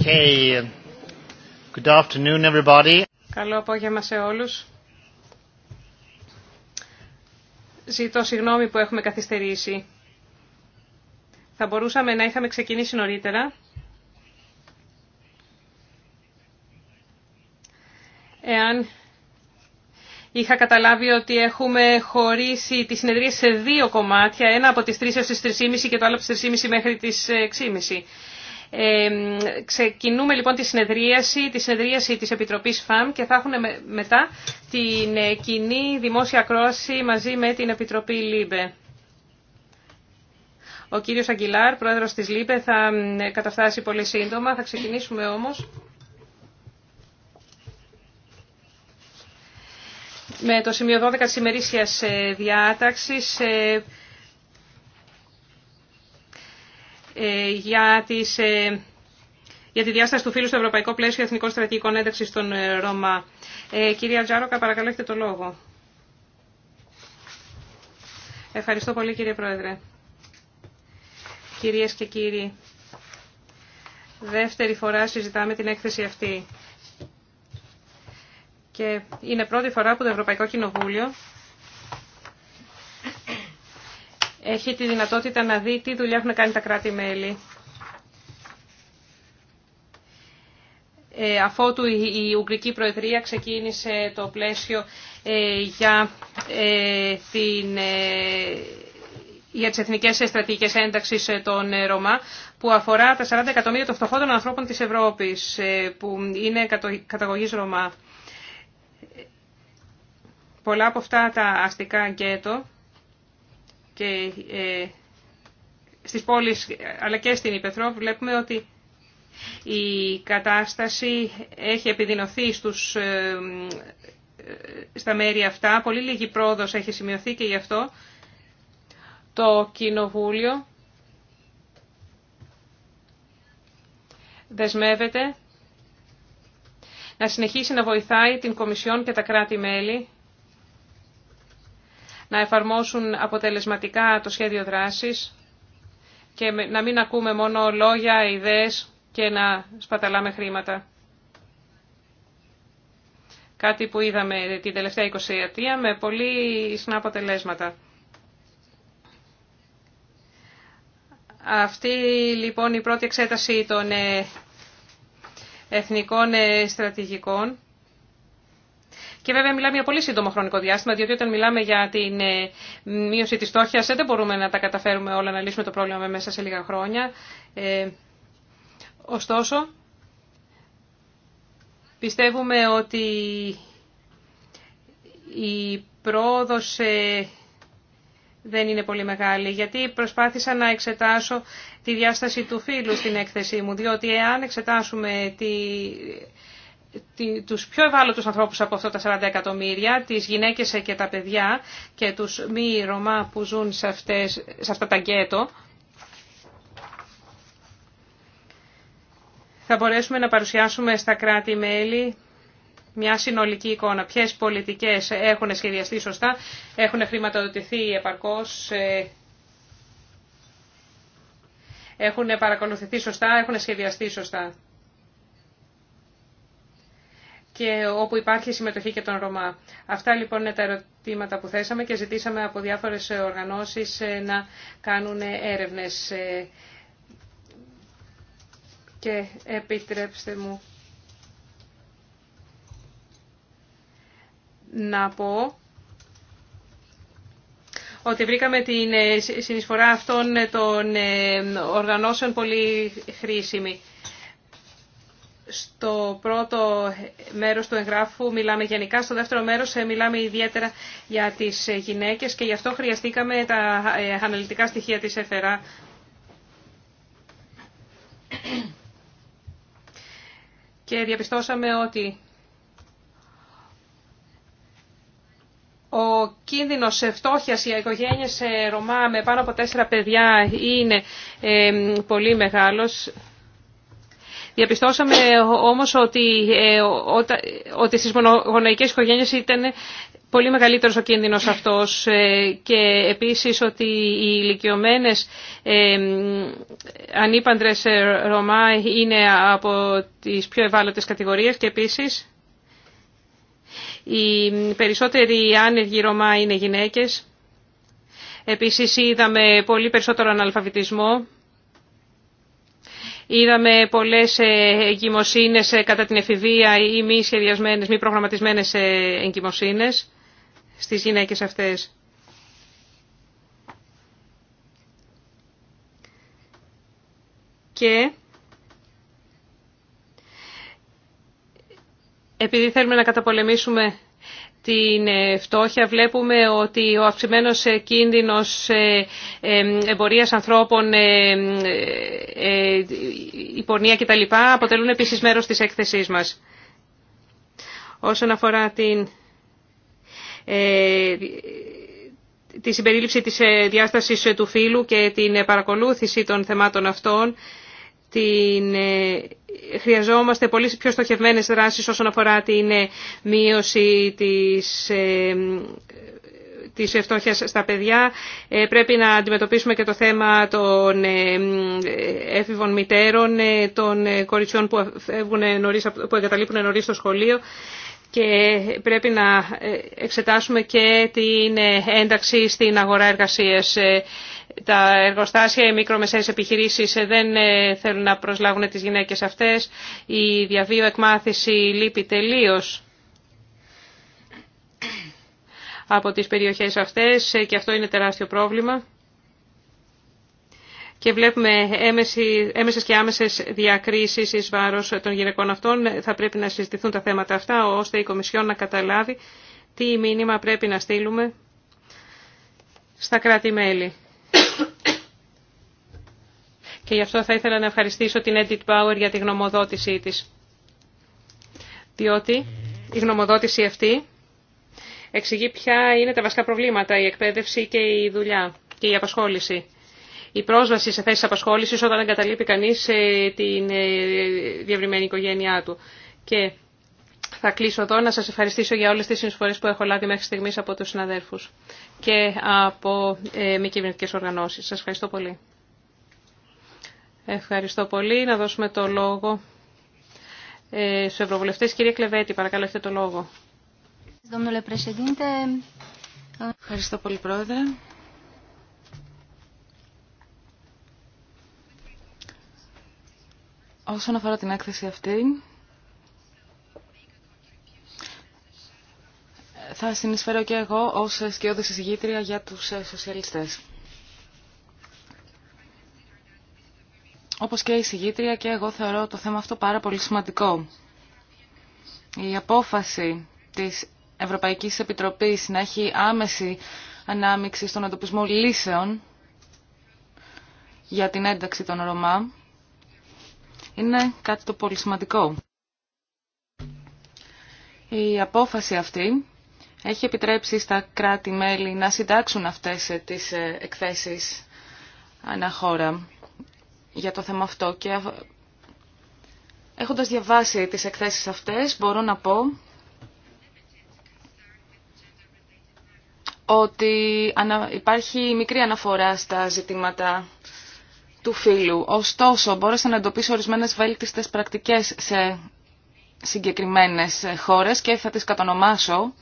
Okay. Good afternoon everybody. Καλό απόγευμα σε όλους. Ζητώ συγγνώμη που έχουμε καθυστερήσει. Θα μπορούσαμε να είχαμε ξεκινήσει νωρίτερα. Εάν είχα καταλάβει ότι έχουμε χωρίσει τη συνεδρία σε δύο κομμάτια, ένα από τις 3 έως τις 3.30 και το άλλο από τις 3.30 μέχρι τις 6.30. Ε, ξεκινούμε λοιπόν τη συνεδρίαση, τη συνεδρίαση της Επιτροπής ΦΑΜ και θα έχουν μετά την ε, κοινή δημόσια κρόση μαζί με την Επιτροπή ΛΥΜΠΕ. Ο κύριος Αγγιλάρ, πρόεδρος της ΛΥΜΠΕ, θα καταφτάσει πολύ σύντομα. Θα ξεκινήσουμε όμως με το σημείο 12 της ημερήσιας ε, διάταξης ε, Ε, για τις ε, τη διάσταση του φύλου στο ευρωπαϊκό πλαίσιο εθνικών στρατηγικών ένταξη των ε, Ρωμά. Ε, κυρία Τζάροκα, παρακαλώ, έχετε το λόγο. Ευχαριστώ πολύ, κύριε Πρόεδρε. Κυρίες και κύριοι, δεύτερη φορά συζητάμε την έκθεση αυτή. Και είναι πρώτη φορά που το Ευρωπαϊκό Κοινοβούλιο έχει τη δυνατότητα να δει τι δουλειά έχουν κάνει τα κράτη-μέλη. Ε, αφότου η Ουγγρική Προεδρία ξεκίνησε το πλαίσιο ε, για, ε, την, για τις εθνικές στρατηγικές ένταξης των Ρωμά που αφορά τα 40 εκατομμύρια των φτωχότερων ανθρώπων της Ευρώπης που είναι καταγωγής Ρωμά. Πολλά από αυτά τα αστικά γκέτο και ε, στις πόλεις αλλά και στην Υπεθρό βλέπουμε ότι η κατάσταση έχει επιδεινωθεί στους, ε, ε, στα μέρη αυτά. Πολύ λίγη πρόοδος έχει σημειωθεί και γι' αυτό το Κοινοβούλιο δεσμεύεται να συνεχίσει να βοηθάει την Κομισιόν και τα κράτη-μέλη να εφαρμόσουν αποτελεσματικά το σχέδιο δράσης και να μην ακούμε μόνο λόγια, ιδέες και να σπαταλάμε χρήματα. Κάτι που είδαμε την τελευταία 20 με πολύ ισχυρά αποτελέσματα. Αυτή λοιπόν η πρώτη εξέταση των ε, εθνικών ε, στρατηγικών και βέβαια μιλάμε για πολύ σύντομο χρονικό διάστημα, διότι όταν μιλάμε για την ε, μείωση της ε, δεν μπορούμε να τα καταφέρουμε όλα να λύσουμε το πρόβλημα μέσα σε λίγα χρόνια. Ε, ωστόσο, πιστεύουμε ότι η πρόοδος ε, δεν είναι πολύ μεγάλη, γιατί προσπάθησα να εξετάσω τη διάσταση του φύλου στην έκθεσή μου, διότι εάν εξετάσουμε τη, τους πιο ευάλωτους ανθρώπους από αυτά τα 40 εκατομμύρια, τις γυναίκες και τα παιδιά και τους μη Ρωμά που ζουν σε, αυτές, σε αυτά τα γκέτο, θα μπορέσουμε να παρουσιάσουμε στα κράτη-μέλη μια συνολική εικόνα. Ποιες πολιτικές έχουν σχεδιαστεί σωστά, έχουν χρηματοδοτηθεί επαρκώς, ε, έχουν παρακολουθηθεί σωστά, έχουν σχεδιαστεί σωστά και όπου υπάρχει συμμετοχή και των Ρωμά. Αυτά λοιπόν είναι τα ερωτήματα που θέσαμε και ζητήσαμε από διάφορες οργανώσεις ε, να κάνουν έρευνες. Ε, και επιτρέψτε μου να πω ότι βρήκαμε την ε, συνεισφορά αυτών των οργανώσεων πολύ χρήσιμη στο πρώτο μέρος του εγγράφου μιλάμε γενικά, στο δεύτερο μέρος ε, μιλάμε ιδιαίτερα για τις ε, γυναίκες και γι' αυτό χρειαστήκαμε τα ε, αναλυτικά στοιχεία της ΕΦΕΡΑ. Και διαπιστώσαμε ότι ο κίνδυνος φτώχειας για οικογένειες Ρωμά με πάνω από τέσσερα παιδιά είναι πολύ μεγάλος. Διαπιστώσαμε όμως ότι, ε, ότι στις μονογονεϊκές οικογένειες ήταν πολύ μεγαλύτερος ο κίνδυνος αυτός ε, και επίσης ότι οι ηλικιωμένε ε, ανήπαντρες ε, Ρωμά είναι από τις πιο ευάλωτες κατηγορίες και επίσης οι περισσότεροι άνεργοι Ρωμά είναι γυναίκες. Επίσης είδαμε πολύ περισσότερο αναλφαβητισμό Είδαμε πολλές ε, εγκυμοσύνες ε, κατά την εφηβεία ή μη σχεδιασμένε, μη προγραμματισμένες ε, εγκυμοσύνες στις γυναίκε αυτές. Και επειδή θέλουμε να καταπολεμήσουμε την ε, φτώχεια βλέπουμε ότι ο αυξημένος ε, κίνδυνος ε, εμπορίας ανθρώπων, η πορνεία κτλ. αποτελούν επίσης μέρος της έκθεσής μας. Όσον αφορά την, τη συμπερίληψη της διάστασης του φύλου και την παρακολούθηση των θεμάτων αυτών, την, ε, χρειαζόμαστε πολύ πιο στοχευμένες δράσεις όσον αφορά την ε, μείωση της ε, της στα παιδιά. πρέπει να αντιμετωπίσουμε και το θέμα των έφηβων μητέρων, των κοριτσιών που, νωρίς, που εγκαταλείπουν νωρίς στο σχολείο και πρέπει να ε, εξετάσουμε και την ε, ένταξη στην αγορά εργασίας. Ε, τα εργοστάσια, οι μικρομεσαίες επιχειρήσεις δεν θέλουν να προσλάβουν τις γυναίκες αυτές. Η διαβίω εκμάθηση λείπει τελείως από τις περιοχές αυτές και αυτό είναι τεράστιο πρόβλημα και βλέπουμε έμεσες και άμεσες διακρίσεις εις βάρος των γυναικών αυτών. Θα πρέπει να συζητηθούν τα θέματα αυτά ώστε η Κομισιόν να καταλάβει τι μήνυμα πρέπει να στείλουμε στα κράτη-μέλη. Και γι' αυτό θα ήθελα να ευχαριστήσω την Edit Power για τη γνωμοδότησή της. Διότι η γνωμοδότηση αυτή εξηγεί ποια είναι τα βασικά προβλήματα, η εκπαίδευση και η δουλειά και η απασχόληση η πρόσβαση σε θέσεις απασχόλησης όταν εγκαταλείπει κανείς ε, την ε, διευρυμένη οικογένειά του. Και θα κλείσω εδώ να σας ευχαριστήσω για όλες τις συνεισφορές που έχω λάβει μέχρι στιγμής από τους συναδέρφους και από ε, μη κυβερνητικές οργανώσεις. Σας ευχαριστώ πολύ. Ευχαριστώ πολύ. Να δώσουμε το λόγο ε, στους Κυρία Κλεβέτη, παρακαλώ, έχετε το λόγο. Ευχαριστώ πολύ, Πρόεδρε. Όσον αφορά την έκθεση αυτή, θα συνεισφέρω και εγώ ως σκιώδης εισηγήτρια για τους ε, σοσιαλιστές. Όπως και η εισηγήτρια και εγώ θεωρώ το θέμα αυτό πάρα πολύ σημαντικό. Η απόφαση της Ευρωπαϊκής Επιτροπής να έχει άμεση ανάμειξη στον εντοπισμό λύσεων για την ένταξη των Ρωμά είναι κάτι το πολύ σημαντικό. Η απόφαση αυτή έχει επιτρέψει στα κράτη-μέλη να συντάξουν αυτές ε, τις ε, εκθέσεις αναχώρα για το θέμα αυτό και έχοντας διαβάσει τις εκθέσεις αυτές μπορώ να πω ότι υπάρχει μικρή αναφορά στα ζητήματα του φίλου. Ωστόσο, μπόρεσα να εντοπίσω ορισμένες βέλτιστες πρακτικές σε συγκεκριμένες χώρες και θα τις κατονομάσω,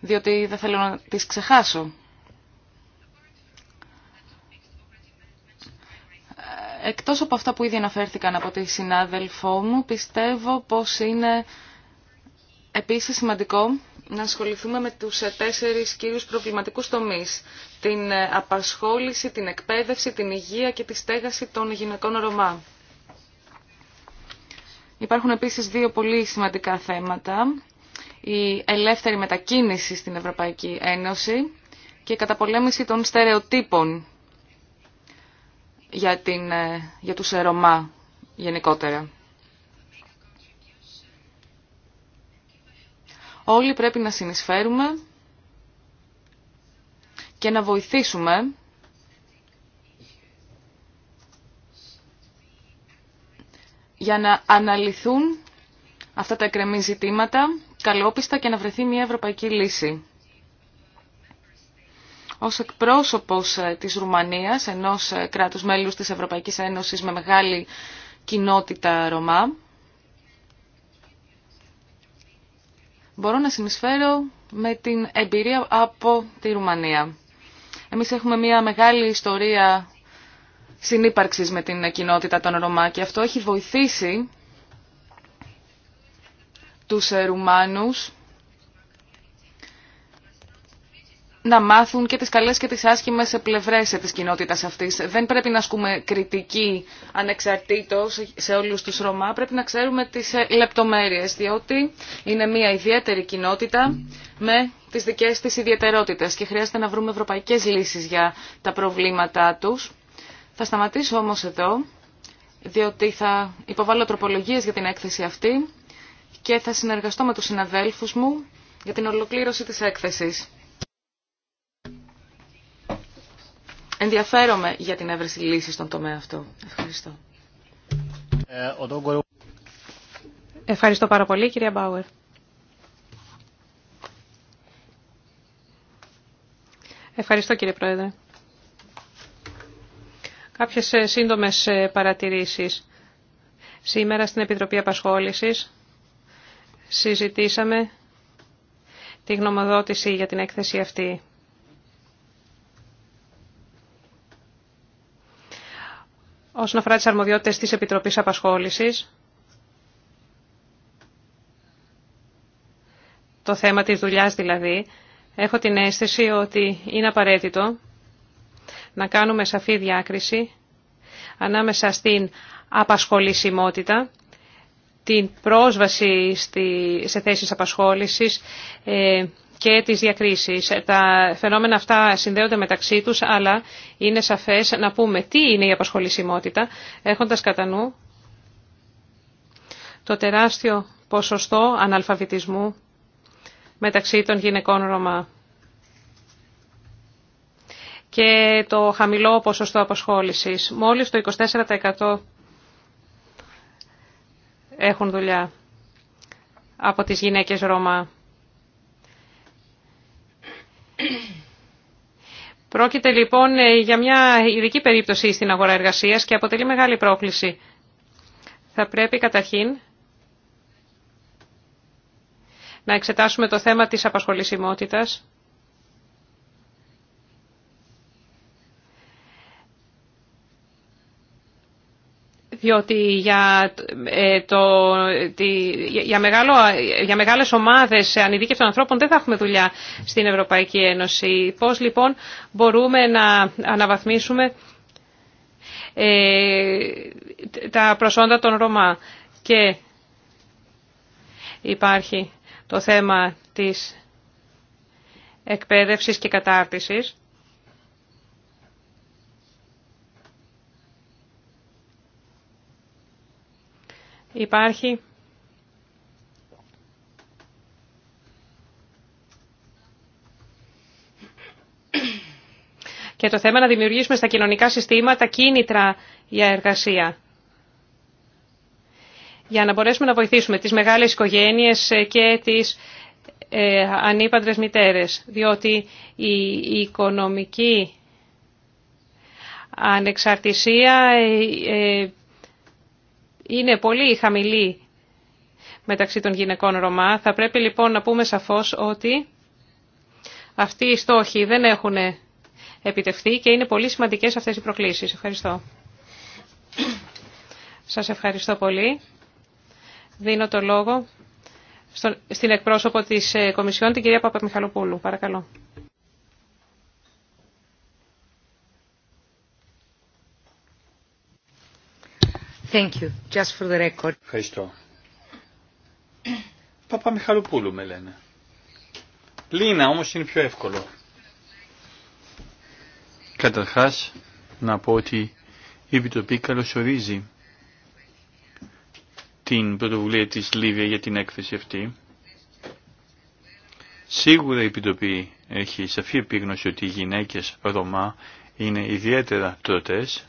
διότι δεν θέλω να τις ξεχάσω. Εκτός από αυτά που ήδη αναφέρθηκαν από τη συνάδελφό μου, πιστεύω πως είναι επίσης σημαντικό να ασχοληθούμε με τους τέσσερις κύριους προβληματικούς τομείς. Την απασχόληση, την εκπαίδευση, την υγεία και τη στέγαση των γυναικών Ρωμά. Υπάρχουν επίσης δύο πολύ σημαντικά θέματα. Η ελεύθερη μετακίνηση στην Ευρωπαϊκή Ένωση και η καταπολέμηση των στερεοτύπων για, την, ε, για τους ε, Ρωμά γενικότερα. Όλοι πρέπει να συνεισφέρουμε και να βοηθήσουμε για να αναλυθούν αυτά τα εκκρεμή ζητήματα καλόπιστα και να βρεθεί μια ευρωπαϊκή λύση. Ως εκπρόσωπος ε, της Ρουμανίας, ενός ε, κράτους μέλους της Ευρωπαϊκής Ένωσης με μεγάλη κοινότητα Ρωμά, μπορώ να συνεισφέρω με την εμπειρία από τη Ρουμανία. Εμείς έχουμε μια μεγάλη ιστορία συνύπαρξης με την κοινότητα των Ρωμά και αυτό έχει βοηθήσει τους Ρουμάνους να μάθουν και τις καλές και τις άσχημες πλευρές της κοινότητας αυτής. Δεν πρέπει να ασκούμε κριτική ανεξαρτήτως σε όλους τους Ρωμά, πρέπει να ξέρουμε τις ε, λεπτομέρειες, διότι είναι μια ιδιαίτερη κοινότητα με τις δικές της ιδιαιτερότητες και χρειάζεται να βρούμε ευρωπαϊκές λύσεις για τα προβλήματά τους. Θα σταματήσω όμως εδώ, διότι θα υποβάλω τροπολογίες για την έκθεση αυτή και θα συνεργαστώ με τους συναδέλφους μου για την ολοκλήρωση της έκθεσης. ενδιαφέρομαι για την έβρεση λύση στον τομέα αυτό. Ευχαριστώ. Ευχαριστώ πάρα πολύ, κυρία Μπάουερ. Ευχαριστώ, κύριε Πρόεδρε. Κάποιες ε, σύντομες ε, παρατηρήσεις. Σήμερα στην Επιτροπή Απασχόλησης συζητήσαμε τη γνωμοδότηση για την έκθεση αυτή. όσον αφορά τις αρμοδιότητες της Επιτροπής Απασχόλησης, το θέμα της δουλειάς δηλαδή, έχω την αίσθηση ότι είναι απαραίτητο να κάνουμε σαφή διάκριση ανάμεσα στην απασχολησιμότητα, την πρόσβαση στη, σε θέσεις απασχόλησης, ε, και τις διακρίσεις. Τα φαινόμενα αυτά συνδέονται μεταξύ τους, αλλά είναι σαφές να πούμε τι είναι η απασχολησιμότητα, έχοντας κατά νου το τεράστιο ποσοστό αναλφαβητισμού μεταξύ των γυναικών Ρωμά και το χαμηλό ποσοστό απασχόλησης. Μόλις το 24% έχουν δουλειά από τις γυναίκες Ρώμα. Πρόκειται λοιπόν ε, για μια ειδική περίπτωση στην αγορά εργασίας και αποτελεί μεγάλη πρόκληση. Θα πρέπει καταρχήν να εξετάσουμε το θέμα της απασχολησιμότητας διότι για, ε, το, για, μεγάλο, για μεγάλες ομάδες ανειδίκευτων ανθρώπων δεν θα έχουμε δουλειά στην Ευρωπαϊκή Ένωση. Πώς λοιπόν μπορούμε να αναβαθμίσουμε ε, τα προσόντα των Ρωμά. Και υπάρχει το θέμα της εκπαίδευσης και κατάρτισης. Υπάρχει. Και το θέμα να δημιουργήσουμε στα κοινωνικά συστήματα κίνητρα για εργασία. Για να μπορέσουμε να βοηθήσουμε τις μεγάλες οικογένειες και τις ε, ανήπαντρες μητέρες. Διότι η οικονομική ανεξαρτησία ε, ε, είναι πολύ χαμηλή μεταξύ των γυναικών Ρωμά. Θα πρέπει λοιπόν να πούμε σαφώς ότι αυτοί οι στόχοι δεν έχουν επιτευχθεί και είναι πολύ σημαντικές αυτές οι προκλήσεις. Ευχαριστώ. Σας ευχαριστώ πολύ. Δίνω το λόγο στην εκπρόσωπο της ε, Κομισιόν, την κυρία Παπαμιχαλοπούλου. Παρακαλώ. Ευχαριστώ. Παπα Μιχαλοπούλου με λένε. Λίνα όμως είναι πιο εύκολο. Καταρχάς να πω ότι η Επιτροπή καλωσορίζει την πρωτοβουλία της Λίβια για την έκθεση αυτή. Σίγουρα η Επιτροπή έχει σαφή επίγνωση ότι οι γυναίκες Ρωμά είναι ιδιαίτερα τροτές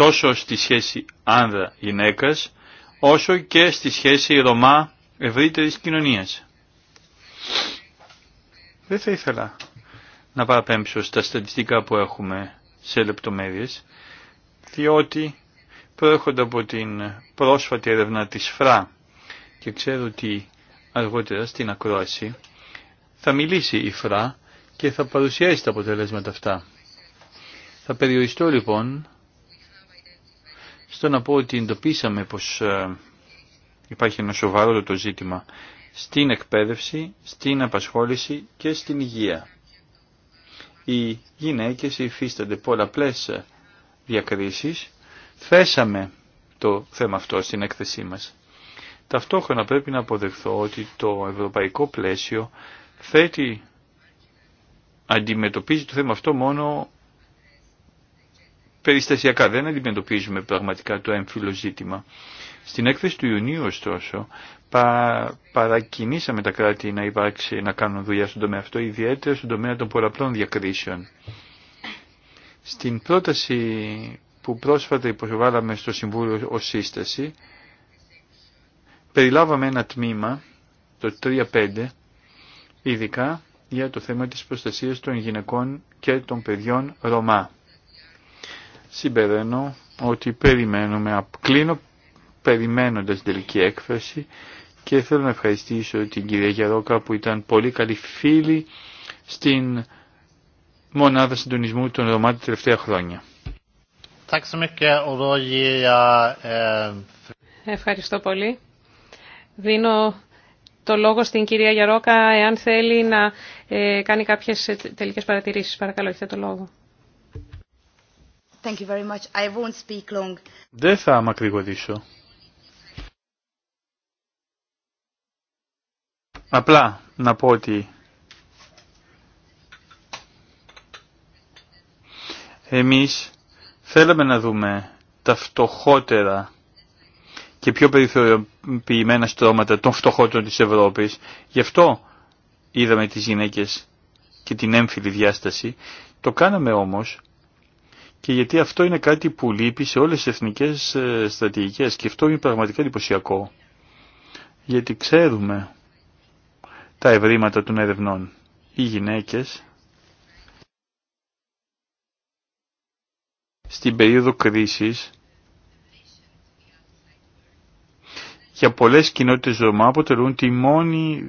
τόσο στη σχέση άνδρα-γυναίκας, όσο και στη σχέση Ρωμά ευρύτερης κοινωνίας. Δεν θα ήθελα να παραπέμψω στα στατιστικά που έχουμε σε λεπτομέρειες, διότι προέρχονται από την πρόσφατη έρευνα της ΦΡΑ και ξέρω ότι αργότερα στην ακρόαση θα μιλήσει η ΦΡΑ και θα παρουσιάσει τα αποτελέσματα αυτά. Θα περιοριστώ λοιπόν στο να πω ότι εντοπίσαμε πως ε, υπάρχει ένα σοβαρό το ζήτημα στην εκπαίδευση, στην απασχόληση και στην υγεία. Οι γυναίκες υφίστανται πολλαπλές διακρίσεις. Θέσαμε το θέμα αυτό στην έκθεσή μας. Ταυτόχρονα πρέπει να αποδεχθώ ότι το ευρωπαϊκό πλαίσιο θέτει, αντιμετωπίζει το θέμα αυτό μόνο περιστασιακά, δεν αντιμετωπίζουμε πραγματικά το έμφυλο ζήτημα. Στην έκθεση του Ιουνίου, ωστόσο, πα, παρακινήσαμε τα κράτη να, υπάρξει, να κάνουν δουλειά στον τομέα αυτό, ιδιαίτερα στον τομέα των πολλαπλών διακρίσεων. Στην πρόταση που πρόσφατα υποβάλαμε στο Συμβούλιο ω σύσταση, περιλάβαμε ένα τμήμα, το 3-5, ειδικά για το θέμα της προστασίας των γυναικών και των παιδιών Ρωμά συμπεραίνω ότι περιμένουμε, κλείνω περιμένοντας την τελική έκφραση και θέλω να ευχαριστήσω την κυρία Γιαρόκα που ήταν πολύ καλή φίλη στην μονάδα συντονισμού των Ρωμάτων τα τελευταία χρόνια. Eh, Ευχαριστώ πολύ. Δίνω το λόγο στην κυρία Γιαρόκα εάν θέλει να ε, κάνει κάποιες ε, τελικές παρατηρήσεις. Παρακαλώ, έχετε το λόγο. Δεν θα μακρηγορήσω. Απλά να πω ότι εμείς θέλαμε να δούμε τα φτωχότερα και πιο περιθωριοποιημένα στρώματα των φτωχότερων της Ευρώπης. Γι' αυτό είδαμε τις γυναίκες και την έμφυλη διάσταση. Το κάναμε όμως και γιατί αυτό είναι κάτι που λείπει σε όλες τις εθνικές ε, στρατηγικές και αυτό είναι πραγματικά εντυπωσιακό γιατί ξέρουμε τα ευρήματα των ερευνών. Οι γυναίκες στην περίοδο κρίσης για πολλές κοινότητες ζωμά αποτελούν τη μόνη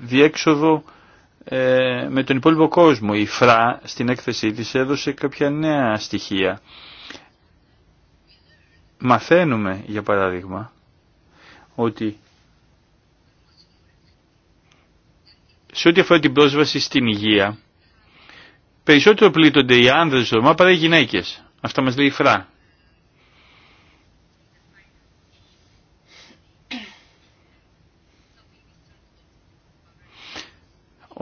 διέξοδο ε, με τον υπόλοιπο κόσμο. Η ΦΡΑ στην έκθεσή της έδωσε κάποια νέα στοιχεία. Μαθαίνουμε, για παράδειγμα, ότι σε ό,τι αφορά την πρόσβαση στην υγεία, περισσότερο πλήττονται οι άνδρες Ρωμά παρά οι γυναίκες. Αυτά μας λέει η ΦΡΑ.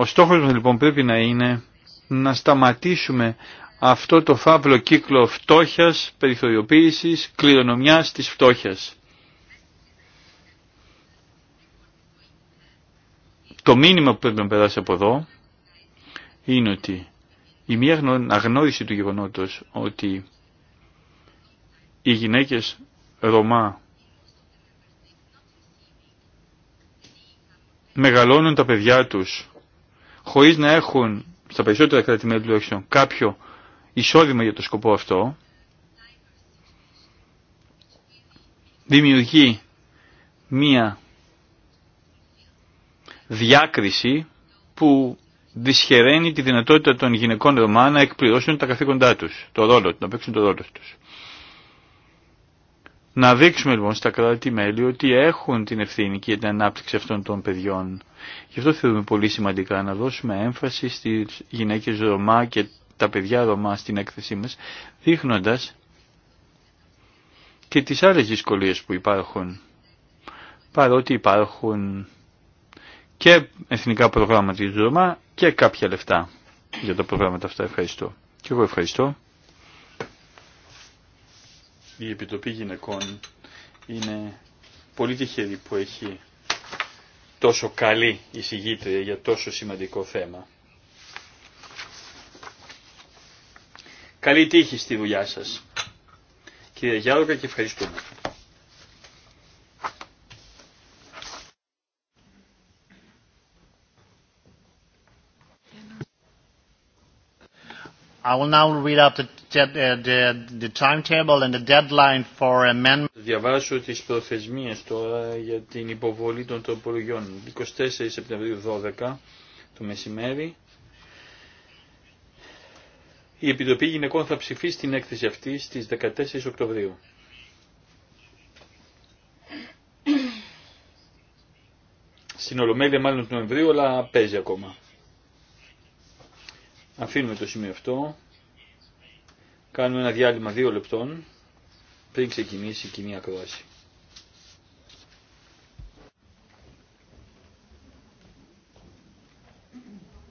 Ο στόχος μας λοιπόν πρέπει να είναι να σταματήσουμε αυτό το φαύλο κύκλο φτώχειας, περιθωριοποίησης, κληρονομιάς της φτώχειας. Το μήνυμα που πρέπει να περάσει από εδώ είναι ότι η μία αγνώριση του γεγονότος ότι οι γυναίκες Ρωμά μεγαλώνουν τα παιδιά τους χωρίς να έχουν στα περισσότερα κράτη-μέλη τουλάχιστον κάποιο εισόδημα για το σκοπό αυτό, δημιουργεί μία διάκριση που δυσχεραίνει τη δυνατότητα των γυναικών Ρωμά να εκπληρώσουν τα καθήκοντά τους, το ρόλο, να παίξουν το ρόλο τους. Να δείξουμε λοιπόν στα κράτη-μέλη ότι έχουν την ευθύνη και την ανάπτυξη αυτών των παιδιών Γι' αυτό θεωρούμε πολύ σημαντικά να δώσουμε έμφαση στις γυναίκες Ρωμά και τα παιδιά Ρωμά στην έκθεσή μας, δείχνοντας και τις άλλες δυσκολίες που υπάρχουν, παρότι υπάρχουν και εθνικά προγράμματα για Ρωμά και κάποια λεφτά για τα προγράμματα αυτά. Ευχαριστώ. Και εγώ ευχαριστώ. Η Επιτροπή Γυναικών είναι πολύ τυχερή που έχει τόσο καλή εισηγήτρια για τόσο σημαντικό θέμα. Καλή τύχη στη δουλειά σας. Κύριε Γιάλογα και ευχαριστούμε. I will now read out the Uh, διαβάσω τις προθεσμίες τώρα για την υποβολή των τροπολογιών. 24 Σεπτεμβρίου 12 το μεσημέρι. Η Επιτροπή Γυναικών θα ψηφίσει την έκθεση αυτή στις 14 Οκτωβρίου. Στην Ολομέλεια μάλλον του Νοεμβρίου, αλλά παίζει ακόμα. Αφήνουμε το σημείο αυτό. Κάνουμε ένα διάλειμμα δύο λεπτών πριν ξεκινήσει η κοινή ακρόαση.